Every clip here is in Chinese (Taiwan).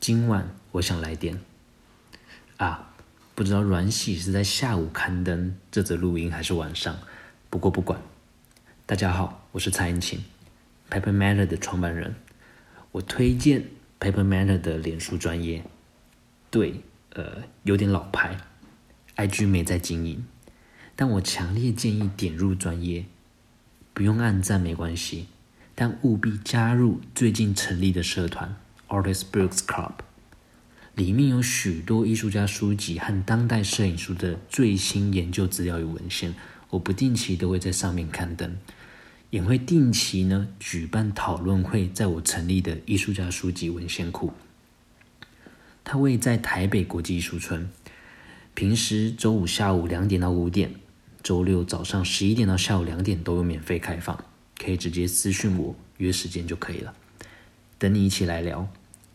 今晚我想來電啊！不知道阮璽是在下午刊登這則錄音，還是晚上？不過不管，大家好，我是蔡胤勤 Paper Matter 的創辦人。啊我推薦 Paper Matter 的臉書專頁，對，呃，有點老牌，IG 沒在經營，但我強烈建議點入專頁，不用按讚沒關係，但務必加入最近成立的社團 Artist Books Club，裡面有許多藝術家書籍和當代攝影書的最新研究資料與文獻，我不定期都會在上面刊登。也會定期呢舉辦討論會，在我成立的藝術家書籍文獻庫。它位在台北國際藝術村，平時週五下午兩點到五點，週六早上十一點到下午兩點都有免費開放，可以直接私訊我，約時間就可以了。等你一起來聊，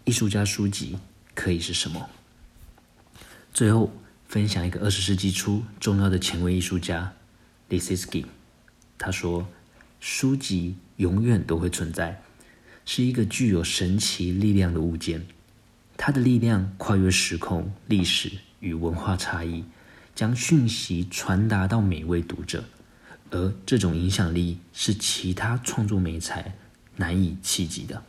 藝術家書籍可以是什麼？最後分享一個二十世紀初重要的前衛藝術家，Lissitzky，他說。書籍永遠都會存在，是一個具有神奇力量的物件。它的力量跨越時空、歷史與文化差異，將訊息傳達到每位讀者，而這種影響力是其他創作媒材難以企及的。